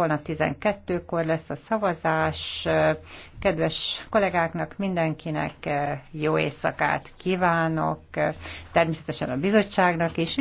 holnap 12-kor lesz a szavazás. Kedves kollégáknak, mindenkinek eh, jó éjszakát kívánok, eh, természetesen a bizottságnak is.